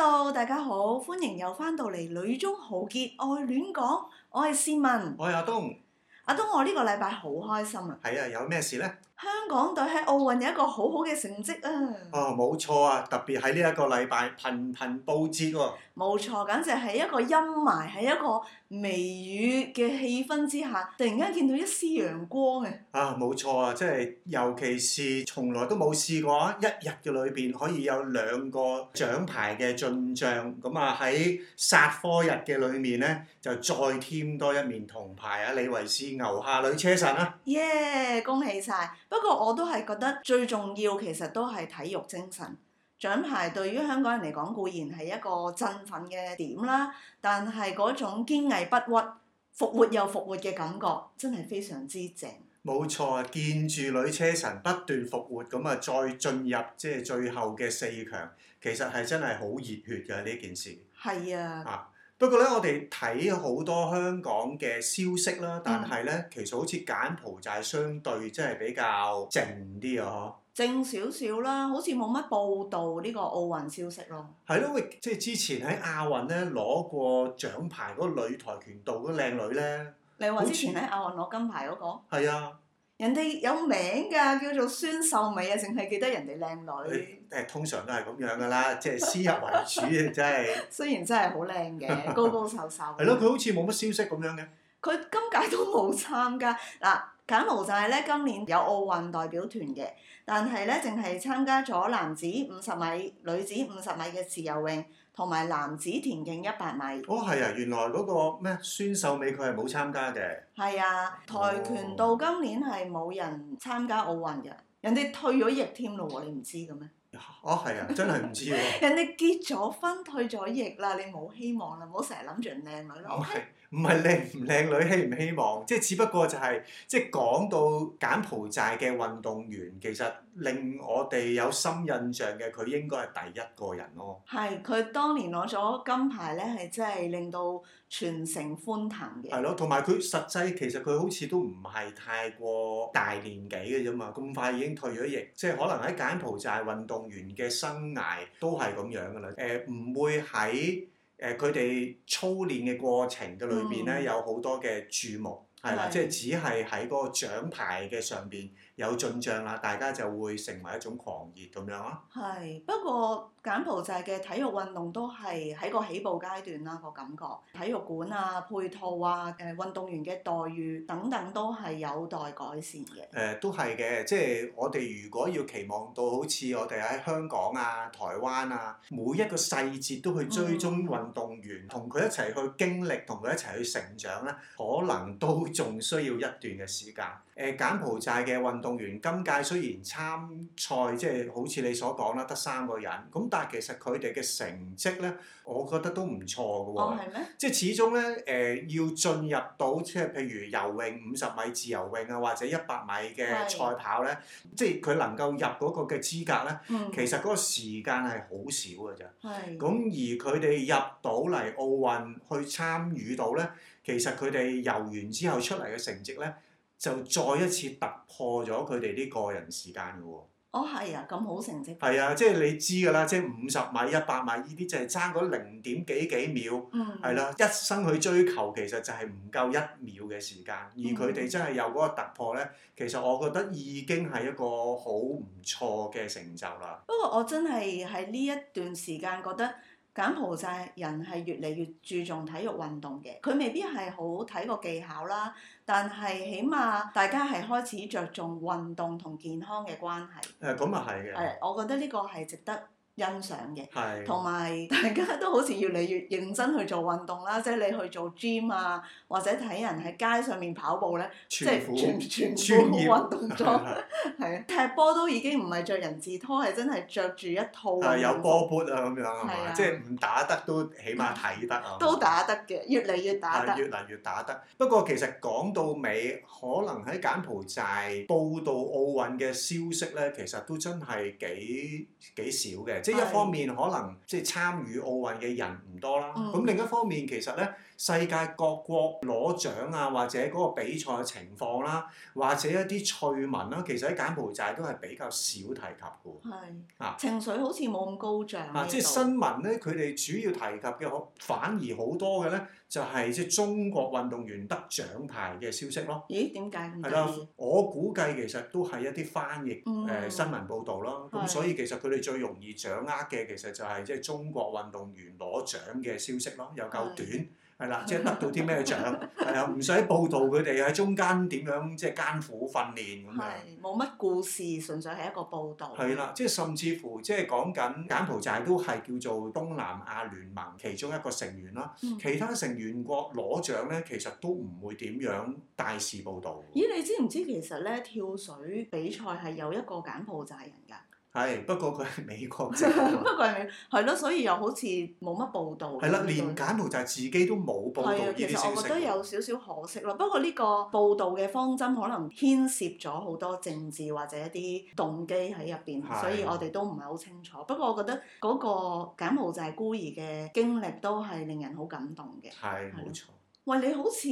Hello，大家好，歡迎又翻到嚟《女中豪傑愛戀講》，我係思敏，我係阿東，阿東，我呢個禮拜好開心啊，係啊，有咩事咧？香港隊喺奧運有一個好好嘅成績啊！哦，冇錯啊，特別喺呢一個禮拜頻頻報捷喎。冇錯，簡直係一個陰霾，喺一個微雨嘅氣氛之下，突然間見到一絲陽光啊，哦！啊，冇錯啊，即係尤其是從來都冇試過，啊，一日嘅裏邊可以有兩個獎牌嘅進帳，咁啊喺煞科日嘅裏面呢，就再添多一面銅牌啊！李慧詩牛下女車神啊！耶！Yeah，恭喜晒！不過我都係覺得最重要其實都係體育精神，獎牌對於香港人嚟講固然係一個振奮嘅點啦，但係嗰種堅毅不屈、復活又復活嘅感覺真係非常之正。冇錯，見住女車神不斷復活，咁啊再進入即係最後嘅四強，其實係真係好熱血嘅呢件事。係啊。啊不過咧，我哋睇好多香港嘅消息啦，但係咧其實好似柬埔寨相對即係比較靜啲啊，嗬？靜少少啦，好似冇乜報道呢個奧運消息咯。係咯，即係之前喺亞運咧攞過獎牌嗰個女跆拳道嗰個靚女咧，你話之前喺亞運攞金牌嗰個？係啊。人哋有名㗎，叫做孫秀美啊，淨係記得人哋靚女。誒，通常都係咁樣㗎啦，即係先入為主， 真係是。 雖然真係好靚嘅，高高瘦瘦。係咯， 佢好似冇乜消息咁樣嘅。佢今屆都冇參加嗱，柬埔寨咧今年有奧運代表團嘅，但係咧淨係參加咗男子五十米、女子五十米嘅自由泳。同埋男子田徑一百米。哦，係啊，原來嗰、嗰個咩孫秀美佢係冇參加嘅。係啊，跆拳道今年係冇人參加奧運嘅，人哋退咗役添咯，你唔知嘅咩？哦，係、哦、啊，真係唔知喎。 人哋結咗婚，退咗役啦，你冇希望啦，唔好成日諗住靚女咯。Okay. 唔係靚唔靚女希唔希望，即係只不過就係、是、即係講到柬埔寨嘅運動員，其實令我哋有深印象嘅，佢應該係第一個人咯、哦。係，佢當年攞咗金牌咧，係真係令到全城歡騰嘅。係咯，同埋佢實際其實佢好似都唔係太過大年紀嘅啫嘛，咁快已經退咗役，即、就、係、是、可能喺柬埔寨運動員嘅生涯都係咁樣噶啦。誒、呃，唔會喺。誒，佢哋、呃、操練嘅過程嘅裏邊咧，嗯、有好多嘅注目。係啦，即係只係喺嗰個獎牌嘅上邊有進賬啦，大家就會成為一種狂熱咁樣咯。係，不過柬埔寨嘅體育運動都係喺個起步階段啦，個感覺體育館啊、配套啊、誒、呃、運動員嘅待遇等等都係有待改善嘅。誒、呃，都係嘅，即係我哋如果要期望到好似我哋喺香港啊、台灣啊，每一個細節都去追蹤運動員，同佢、嗯、一齊去經歷，同佢一齊去成長咧，可能都～仲需要一段嘅時間。誒，柬埔寨嘅運動員今屆雖然參賽，即係好似你所講啦，得三個人。咁但係其實佢哋嘅成績咧，我覺得都唔錯㗎喎。哦，係咩？即係始終咧，誒要進入到即係譬如游泳五十米自由泳啊，或者一百米嘅賽跑咧，係。即係佢能夠入嗰個嘅資格咧，嗯，其實嗰個時間係好少㗎啫。係。咁而佢哋入到嚟奧運去參與到咧。其實佢哋遊完之後出嚟嘅成績咧，就再一次突破咗佢哋啲個人時間嘅喎。哦，係、哦、啊，咁好成績。係啊，即係你知㗎啦，即係五十米、一百米呢啲就係爭嗰零點幾幾秒，係啦、嗯啊，一生去追求其實就係唔夠一秒嘅時間，而佢哋真係有嗰個突破咧，其實我覺得已經係一個好唔錯嘅成就啦。嗯、不過我真係喺呢一段時間覺得。柬埔寨人係越嚟越注重體育運動嘅，佢未必係好睇個技巧啦，但係起碼大家係開始着重運動同健康嘅關係。咁啊係嘅。係，我覺得呢個係值得。欣賞嘅，同埋是大家都好似越嚟越認真去做運動啦，即係你去做 gym 啊，或者睇人喺街上面跑步咧，部即係全全專業全運動裝，啊的！ 踢波都已經唔係着人字拖，係真係着住一套。係有波 a 啊咁樣係咪？即係唔打得都起碼睇得啊。都打得嘅，越嚟越打得。越嚟越打得。越越打得。不過其實講到尾，可能喺柬埔寨報道奧運嘅消息咧，其實都真係幾幾少嘅。呢是一方面可能即係參與奧運嘅人唔多啦，咁、嗯、另一方面其實咧，世界各國攞獎啊，或者嗰個比賽嘅情況啦、啊，或者一啲趣聞啦、啊，其實喺柬埔寨都係比較少提及嘅。係是啊，情緒好似冇咁高漲，啊，即、就、係、是、新聞咧，佢哋主要提及嘅，反而好多嘅咧，就係即係中國運動員得獎牌嘅消息咯。咦？點解？係啦的，我估計其實都係一啲翻譯誒、嗯呃、新聞報道咯。咁的所以其實佢哋最容易獎。掌握嘅其實就係即係中國運動員攞獎嘅消息咯，又夠短係是啦，即係得到啲咩獎係啊，唔使、 呃、報導佢哋喺中間點樣即係艱苦訓練咁樣，冇乜故事，純粹係一個報導。係啦，即係甚至乎即係講緊柬埔寨都係叫做東南亞聯盟其中一個成員啦，嗯、其他成員國攞獎咧，其實都唔會點樣大肆報導。咦？你知唔知其實咧跳水比賽係有一個柬埔寨人㗎？係，不過佢係美國籍。不過係，係咯，所以又好似冇乜報導。係啦，連柬埔寨自己都冇報導呢啲消息。係啊的，其實我覺得有少少可惜咯。不過呢個報導嘅方針可能牽涉咗好多政治或者一啲動機喺入邊，的所以我哋都唔係好清楚。不過我覺得嗰個柬埔寨孤兒嘅經歷都係令人好感動嘅。係冇的的錯。喂，你好似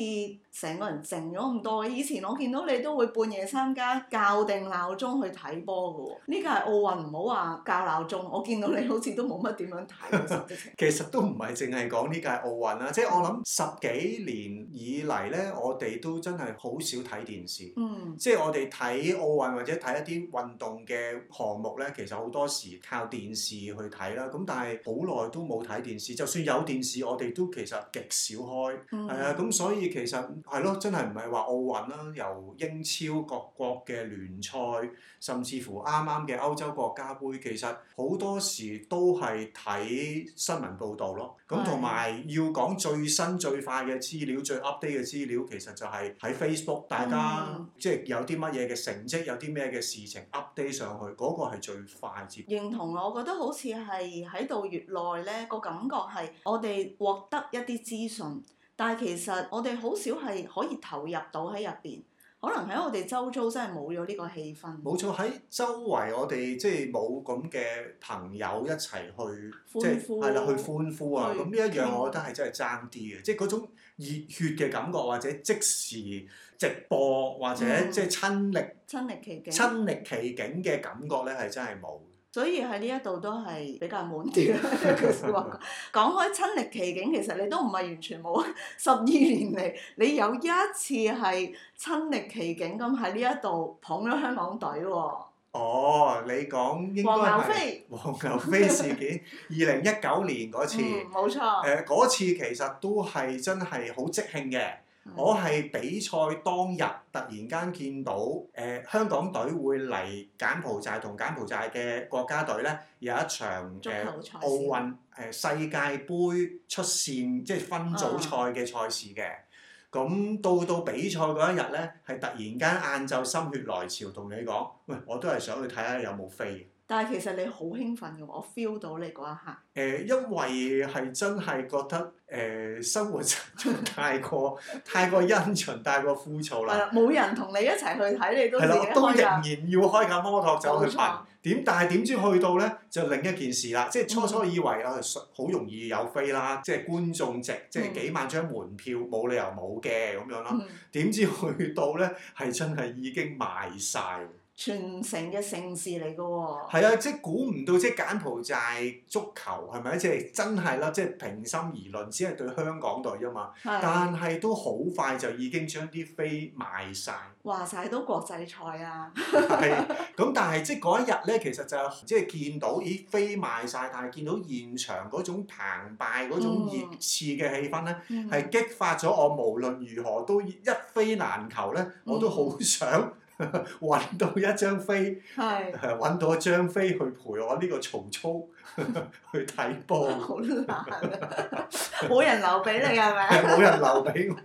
成個人靜咗咁多，以前我見到你都會半夜三更校定鬧鐘去睇波㗎喎。呢屆奧運唔好話校鬧鐘，我見到你好似都冇乜點樣睇。 其實都唔係淨係講呢屆奧運啦，即係我諗十幾年以嚟呢，我哋都真係好少睇電視。嗯，即係我哋睇奧運或者睇一啲運動嘅項目呢，其實好多時靠電視去睇啦。咁但係好耐都冇睇電視，就算有電視，我哋都其實極少開。嗯。誒咁，所以其實係咯，真係唔係話奧運啦，由英超各國嘅聯賽，甚至乎啱啱嘅歐洲國家杯，其實好多時都係睇新聞報導咯。咁同埋要講最新最快嘅資料、最 update 嘅資料，其實就係喺 Facebook，大家、嗯、即係有啲乜嘢嘅成績，有啲咩嘅事情 update 上去，嗰、嗰個係最快捷。嗯、認同我覺得好似係喺度越耐咧，個感覺係我哋獲得一啲資訊。但係其實我哋好少係可以投入到喺入邊，可能喺我哋周遭真係冇咗呢個氣氛。冇錯，喺周圍我哋即係冇咁嘅朋友一齊去，歡呼，係啦去歡呼啊！咁呢一樣我覺得係真係爭啲嘅，歡呼即係嗰種熱血嘅感覺或者即，即時直播、嗯、或者即係親歷親歷其境親歷其境嘅感覺咧係真係冇。所以喺呢一度都係比較滿啲啦。講開親歷其境，其實你都唔係完全冇。十二年嚟，你有一次係親歷其境咁喺呢一度捧咗香港隊喎、哦。哦，你講應該係黃牛飛黃牛飛事件，二零一九年嗰次。冇、 嗯、錯。誒、呃，嗰次其實都係真係好即興嘅。我係比賽當日突然間見到，誒、呃、香港隊會嚟柬埔寨同柬埔寨嘅國家隊咧，有一場嘅、呃、奧運誒世界盃出線即係分組賽嘅賽事嘅，咁、啊、到到比賽嗰一日咧係突然間晏晝心血來潮同你講，喂，我都係想去睇下有冇飛。但係其實你好興奮嘅，我 feel 到你嗰一刻。誒、呃，因為係真係覺得誒、呃、生活實在太過 太過恩循，太過枯燥啦。係啦，冇人同你一齊去睇，你都自己開架啦，都仍然要開架摩托走去排。點處？但係點知去到咧，就另一件事啦。即係初初以為啊，好容易有飛啦，mm hmm. 即係觀眾席，即係幾萬張門票，冇、嗯、理由冇嘅咁樣啦。點知去到咧，係真係已經賣晒。全城嘅盛事嚟噶喎，係啊，即係估唔到，即係柬埔寨足球係咪？即係真係啦，即係平心而論，只係對香港隊啫嘛。啊、但係都好快就已經將啲飛賣晒，話晒都國際賽啊。係、 啊，咁但係即係嗰一日咧，其實就係即係見到咦飛賣晒，但係見到現場嗰種澎湃、嗰種熱刺嘅氣氛咧，係、嗯嗯、激發咗我，無論如何都一飛難求咧，我都好想。 揾 到一張飛，揾係、啊、到一張飛去陪我呢個曹操。 去睇波，好難啊！冇人留俾你係咪？係冇人留俾我。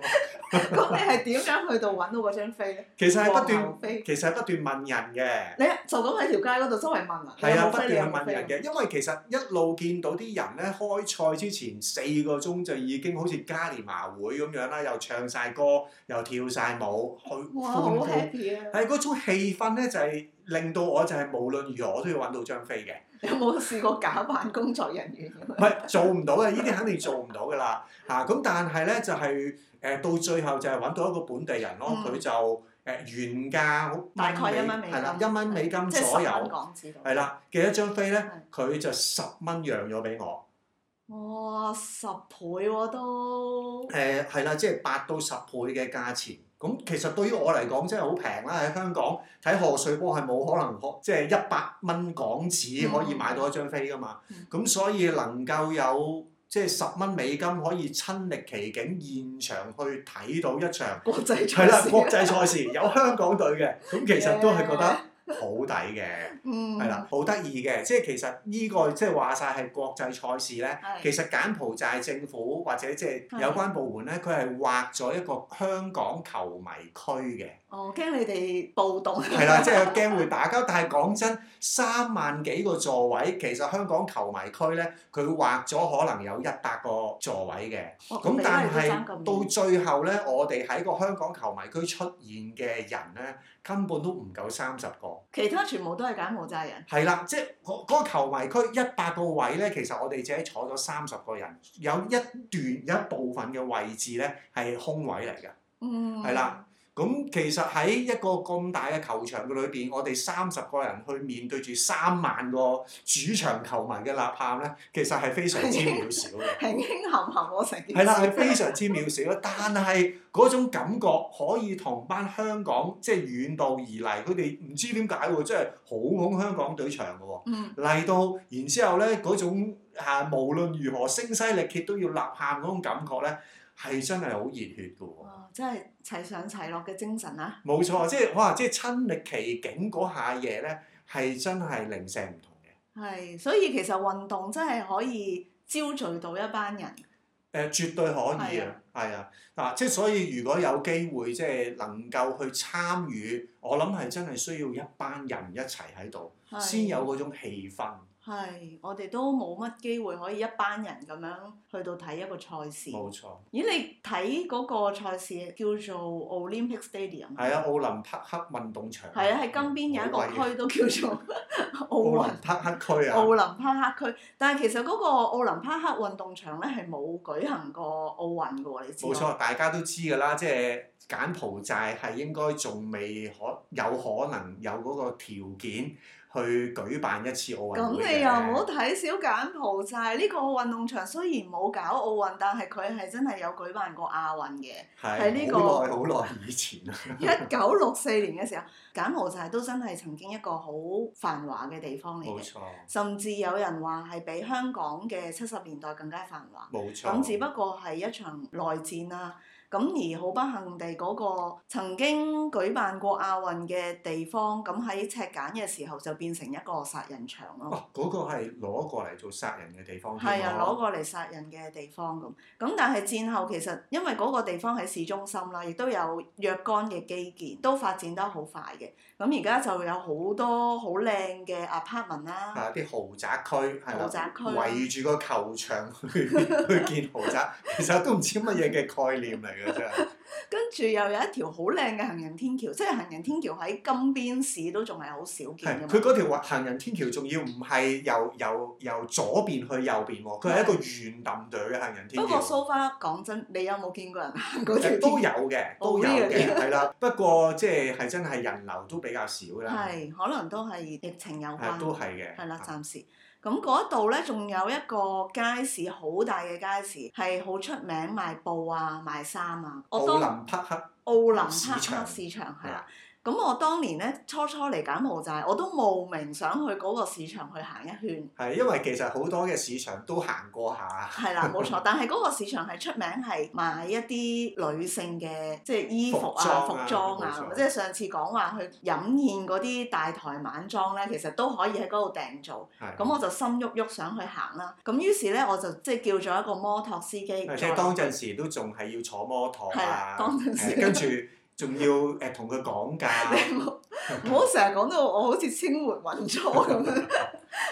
咁你係點樣去到搵到嗰張飛咧？其實係不斷， 其實係不斷問人嘅。 你就咁喺條街嗰度周圍問啊？係啊，不斷去問人嘅， 因為其實一路見到啲人咧，開賽之前四個鐘就已經好似嘉年華會咁樣啦，又唱晒歌，又跳晒舞，去歡慶，係嗰哇、啊、種氣氛咧就係、是。令到我就係無論如何我都要揾到張飛嘅。你有冇試過假扮工作人員？唔 係做唔到嘅，呢啲肯定做唔到㗎啦嚇。咁、 啊、但係咧就係、是、誒、呃、到最後就係揾到一個本地人咯。佢、嗯、就誒、呃、原價大概一蚊美金，係啦一蚊美金左右、就是、元港紙。係啦，嘅一張飛咧，佢的就十蚊讓咗俾我。哇！十倍喎、啊、都。誒係啦，即係八到十倍嘅價錢。咁其實對於我嚟講，真係好平啦！喺香港睇賀歲波係冇可能，即係一百蚊港紙可以買到一張飛㗎嘛。咁、嗯、所以能夠有即係十蚊美金可以親歷其境，現場去睇到一場，係啦國、啊、國際賽事有香港隊嘅，咁其實都係覺得。 好抵嘅，係啦， 好得意嘅，即係其實呢個即係話晒係國際賽事咧。 其實柬埔寨政府或者即係有關部門咧，佢係劃咗一個香港球迷區嘅。我驚、哦、你哋暴動係啦， 即係驚會打交。但係講真，三萬幾個座位，其實香港球迷區咧，佢劃咗可能有一百個座位嘅。咁、哦、但係是到最後咧，我哋喺個香港球迷區出現嘅人咧，根本都唔夠三十個。其他全部都係柬埔寨人。係啦，即係嗰、那個球迷區一百個位咧，其實我哋只係坐咗三十個人，有一段有一部分嘅位置咧係空位嚟嘅。嗯，係啦。咁其實喺一個咁大嘅球場嘅裏邊，我哋三十個人去面對住三萬個主場球迷嘅吶喊咧，其實係非常之渺小嘅，平輕冚冚我成。係啦，係非常之渺小，但係嗰 種感覺可以同班香港即係、就是、遠道而嚟，佢哋唔知點解喎，即係好捧香港隊場嘅喎。嚟到然之後咧，嗰種係、啊、無論如何聲嘶力竭都要吶喊嗰種感覺咧。係真係好熱血嘅喎，哦，真係齊上齊落嘅精神啊！冇錯，即係哇，即係親歷其境嗰下嘢咧，係真係零舍唔同嘅。係，所以其實運動真係可以焦聚到一班人。誒，絕對可以啊！係啊，嗱，即係所以如果有機會，即係能夠去參與，我諗係真係需要一班人一齊喺度，先有嗰種氣氛。係，我哋都冇乜機會可以一班人咁樣去到睇一個賽事。冇錯。咦？你睇嗰個賽事叫做 Olympic Stadium。係啊，啊奧林匹克運動場。係啊，喺、嗯、金邊有一個區都叫做、嗯、奧林匹克區啊。奧林匹克，克區，但係其實嗰個奧林匹克運動場咧係冇舉行過奧運嘅，你知唔知？冇錯，大家都知㗎啦，即係柬埔寨係應該仲未可有可能有嗰個條件，去舉辦一次奧運嘅。咁你又唔好睇小柬埔寨呢個運動場，雖然冇搞奧運，但係佢係真係有舉辦過亞運嘅。喺呢個，好耐 以前一九六四年嘅時候，柬埔寨都真係曾經一個好繁華嘅地方嚟嘅。冇錯。甚至有人話係比香港嘅七十年代更加繁華。冇錯。咁只不過係一場內戰啦、啊。咁而好不幸地嗰個曾經舉辦過亞運嘅地方，咁喺赤柬嘅時候就變成一個殺人場咯。哦，嗰個係攞過嚟做殺人嘅地方，係啊，攞過嚟殺人嘅地方咁。咁但係戰後其實因為嗰個地方喺市中心啦，亦都有若干嘅基建都發展得好快嘅。咁而家就有好多好靚嘅 apartment 啦、啊。係啲豪宅區，豪宅區、啊、圍住個球場去去建豪宅， 其實都唔知乜嘢嘅概念嚟。 跟住又有一條好靚嘅行人天橋，即係行人天橋喺金邊市都仲係好少見。係，佢嗰條行人天橋仲要唔係由由由左邊去右邊喎，佢係一個圓揼隊嘅行人天橋。不過，sofa 講真，你有冇見過人行嗰條天橋？都有嘅，都有嘅，係啦。 不過即係係真係人流都比較少啦。係，可能都係疫情有關。都係嘅。係啦的，的暫時。咁嗰度咧，仲有一個街市，好大嘅街市，係好出名，賣布啊，賣衫啊，奧林匹克，奧林匹克市場係啦。場咁我當年咧，初初嚟柬埔寨，我都慕名想去嗰個市場去行一圈。係因為其實好多嘅市場都行過下。係 啦，冇錯。但係嗰個市場係出名係買一啲女性嘅即係衣服啊、服裝啊，裝啊，冇錯。即係上次講話去飲宴嗰啲大台晚裝咧，其實都可以喺嗰度訂做。係的。咁我就心喐喐想去行啦。咁於是咧，我就即係叫咗一個摩托司機。即係當陣時都仲係要坐摩托啊。係啊，當陣時。跟住。仲要誒同佢講價，唔好成日講到我好似清末民初咁樣，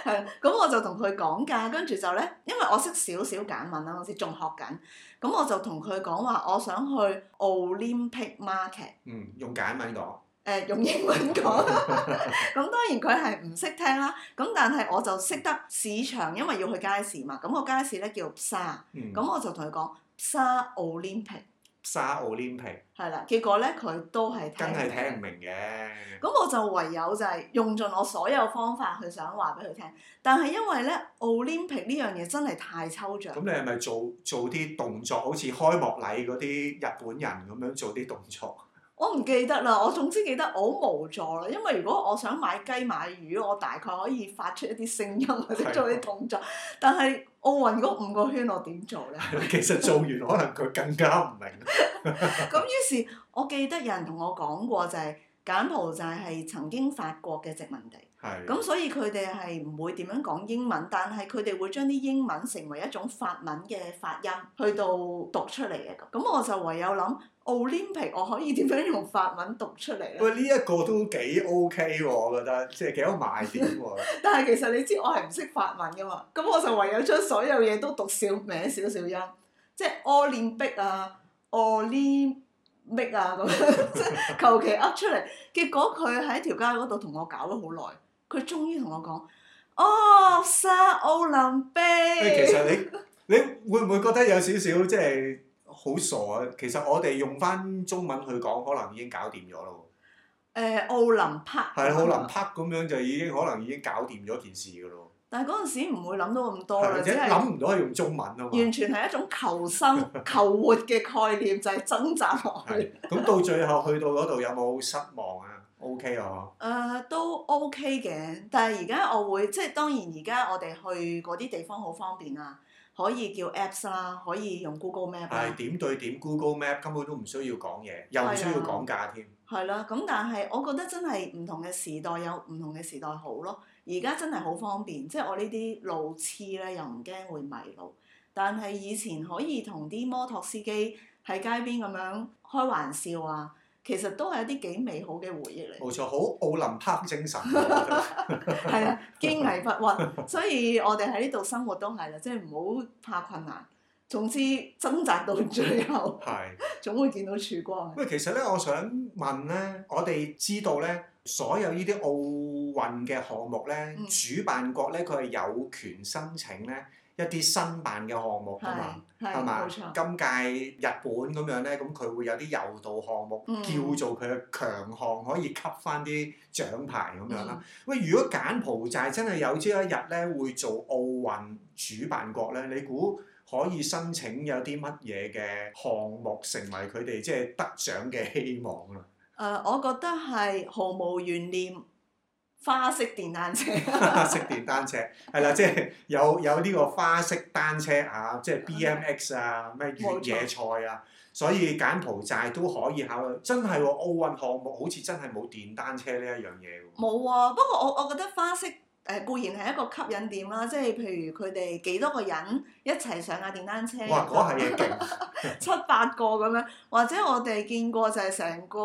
係咁 我就同佢講價，跟住就咧，因為我識少少柬文啦，我仲仲學緊，咁我就同佢講話，我想去 Olympic Market。嗯，用柬文講。誒、呃，用英文講，咁、 嗯、當然佢係唔識聽啦，咁但係我就識得市場，因為要去街市嘛，咁個街市咧叫沙，咁我就同佢講沙 Olympic。沙奧 lympic 係啦，結果咧佢都係真係聽唔明嘅。咁我就唯有就係用盡我所有方法去想話俾佢聽，但係因為咧奧 lympic 呢樣嘢真係太抽象。咁你係咪做做啲動作，好似開幕禮嗰啲日本人咁樣做啲動作？我唔記得啦，我總之記得我好無助啦，因為如果我想買雞買魚，我大概可以發出一啲聲音或者做啲動作，的但係奧運嗰五個圈我點做咧？其實做完可能佢更加唔明。咁 於是，我記得有人同我講過就係、是，柬埔寨係曾經法國嘅殖民地。咁是、嗯、所以佢哋係唔會點樣講英文，但係佢哋會將啲英文成為一種法文嘅發音，去到讀出嚟嘅。咁我就唯有諗 Olympic，我可以點樣用法文讀出嚟？喂，呢一個都幾 OK 喎，我覺得，即係幾好賣點喎。 但係其實你知我係唔識法文噶嘛，咁我就唯有將所有嘢都讀少名少少音，即係 Olympic 啊，Olympic 啊咁樣，即係求其噏出嚟。 結果佢喺條街嗰度同我搞咗好耐。佢終於同我講，哦，上奧林匹。其實你你會唔會覺得有少少即係好傻啊？其實我哋用翻中文去講，可能已經搞掂咗咯。誒，奧林匹。係奧林匹，咁樣就已經可能已經搞掂咗件事噶咯。但係嗰陣時唔會諗到咁多啦，即係諗唔到係用中文咯。完全係一種求生求活嘅概念，就係掙扎落去。咁到最後去到嗰度有冇失望啊？O K 啊！誒 Okay ,、huh? uh, 都 O K 嘅，但係而家我會即係當然，而家我哋去嗰啲地方好方便啊，可以叫 Apps 啦，可以用 Google Map 啦。但係點對點 Google Map 根本都唔需要講嘢，又唔需要講價添。係咯，咁但係我覺得真係唔同嘅時代有唔同嘅時代好咯。而家真係好方便，即係我呢啲路痴咧又唔驚會迷路，但係以前可以同啲摩托司機喺街邊咁樣開玩笑啊！其實都係一啲幾美好嘅回憶嚟，冇錯，好奧林匹克精神，係啊，堅毅不屈。 所以我哋喺呢度生活都係就即係唔好怕困難，總之掙扎到最後， 總會見到曙光。喂， 其實咧，我想問咧，我哋知道咧，所有呢啲奧運嘅項目咧，嗯、主辦國咧，佢係有權申請咧。一啲新辦嘅項目㗎嘛，係嘛？冇錯，今屆日本咁樣咧，咁佢會有啲柔道項目叫做佢嘅強項，可以吸翻啲獎牌咁樣啦。喂、嗯，如果柬埔寨真係有朝一日咧會做奧運主辦國咧，你估可以申請有啲乜嘢嘅項目成為佢哋即係得獎嘅希望啊？誒、呃，我覺得係毫無懸念。花式電單車， 花式電單車，係啦， 即、就、係、是、有有呢個花式單車、就是、X, Okay. 啊，即係 B M X 啊，咩越野賽啊，錯所以柬埔寨都可以考慮。真係喎、哦，奧運項目好似真係冇電單車呢一樣嘢喎。冇啊，不過我我覺得花式。誒、呃、固然係一個吸引點啦、啊，即係譬如佢哋幾多個人一齊上架電單車， 七八個咁樣， 或者我哋見過就係成個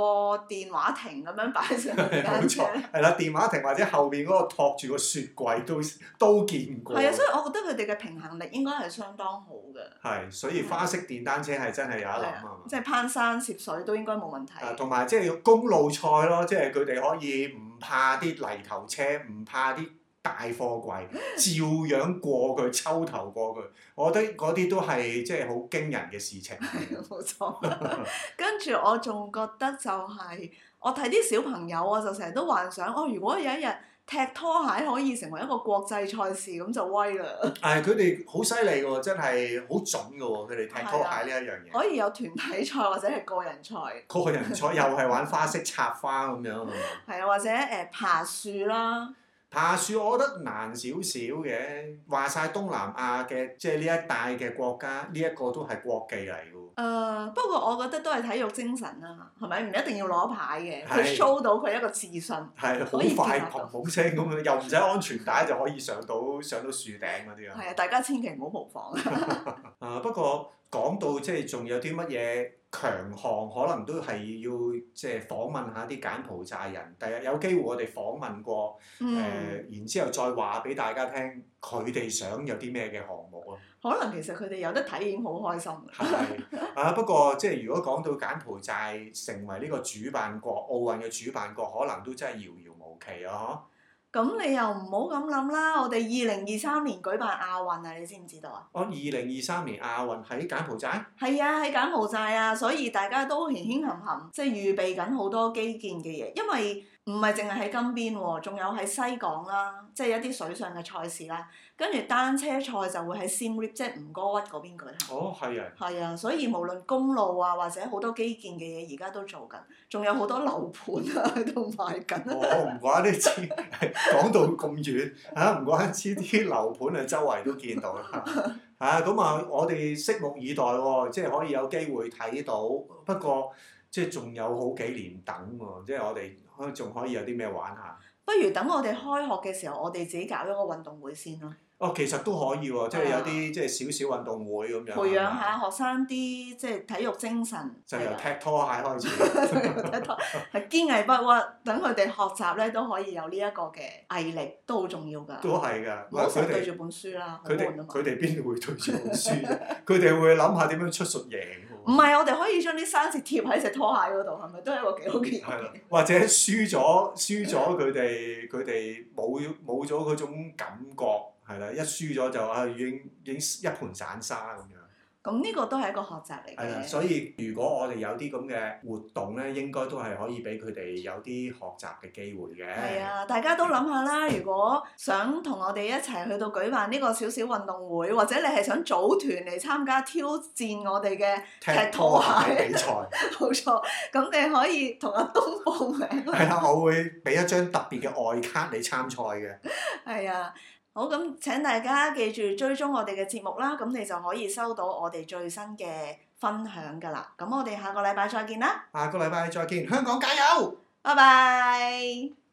電話亭咁樣擺上電單車，冇錯，係啦， 電話亭或者後邊嗰個托住個雪櫃都都見過。係啊，所以我覺得佢哋嘅平衡力應該係相當好嘅。係，所以花式電單車係真係有一流啊！即係攀山涉水都應該冇問題。同埋即係公路賽咯，即係佢哋可以唔怕啲泥頭車，唔怕啲。大貨櫃照樣過佢，抽頭過佢，我覺得嗰啲都係即係好驚人嘅事情。冇錯。跟住我仲覺得就係、是，我睇啲小朋友，我就成日都幻想，哦，如果有一日踢拖鞋可以成為一個國際賽事，咁就威啦。誒，佢哋好犀利喎，真係好準嘅喎、哦，佢哋踢拖鞋呢一樣嘢、啊。可以有團體賽或者係個人賽。個人賽又係玩花式插花咁樣。係 啊，或者誒爬樹啦。下樹我覺得難少少嘅，話晒東南亞嘅，即係呢一帶嘅國家，呢、這、一個都係國技嚟嘅喎。誒，不過我覺得都係體育精神啦、啊，係咪？唔一定要攞牌嘅，佢是 show 到佢一個自信，係好是快好聲咁樣，又唔使安全帶就可以上到 上到樹頂嗰啲啊。係啊，大家千祈唔好模仿啊！不過講到即係仲有啲乜嘢？強項可能都係要即係訪問下啲柬埔寨人。第日有機會我哋訪問過，誒、嗯呃，然之後再話俾大家聽，佢哋想有啲咩嘅項目咯。可能其實佢哋有得睇已經好開心啦。係啊 啊，不過即係如果講到柬埔寨成為呢個主辦國奧運嘅主辦國，可能都真係遙遙無期咯、哦。咁你又唔好咁諗啦！我哋二零二三年舉辦亞運啊，你知唔知道啊？我二零二三年亞運喺柬埔寨。係啊，喺柬埔寨啊，所以大家都輕輕含含，即係預備緊好多基建嘅嘢，因為。唔係淨係喺金邊喎，仲有喺西港啦，即係一啲水上嘅賽事啦。跟住單車賽就會喺 Siem Reap，即係吳哥窟嗰邊舉行。哦，係啊。係啊，所以無論公路啊，或者好多基建嘅嘢，而家都做緊，仲有好多樓盤啊喺度賣緊。我唔怪呢啲，講到咁遠，嚇唔怪呢啲樓盤啊，周圍都見到啦。嚇、啊、咁 啊，我哋拭目以待喎，即、啊、係、就係、可以有機會睇到，不過。即係仲有好幾年等喎、啊，即係我哋可仲可以有啲咩玩下？不如等我哋開學嘅時候，我哋自己搞一個運動會先咯。哦，其實都可以喎，即係有啲即係少少運動會咁樣，培養下學生啲即係體育精神。就由踢拖鞋開始，踢拖，係堅毅不屈，等佢哋學習咧都可以有呢一個嘅毅力，都好重要㗎。都係㗎，冇可能對住本書啦，好悶啊！佢哋邊會對住本書？佢哋會諗下點樣出術贏㗎喎。唔係，我哋可以將啲生字貼喺隻拖鞋嗰度，係咪都係一個幾好嘅？係啦，或者輸咗，輸咗佢哋，佢哋冇冇咗嗰種感覺。係啦，一輸咗就啊，已經已經一盤散沙咁樣。咁呢個都係一個學習嚟嘅。係啦，所以如果我哋有啲咁嘅活動咧，應該都係可以俾佢哋有啲學習嘅機會嘅。係啊，大家都諗下啦，如果想同我哋一齊去到舉辦呢個小小運動會，或者你係想組團嚟參加挑戰我哋嘅踢拖鞋比賽，冇 錯。咁你可以同阿東報名。係啦，我會俾一張特別嘅外卡你參賽嘅。係啊。好，咁請大家記住追蹤我哋嘅節目啦，咁你就可以收到我哋最新嘅分享㗎啦。咁我哋下個禮拜再見啦。下個禮拜再見，香港加油！拜拜。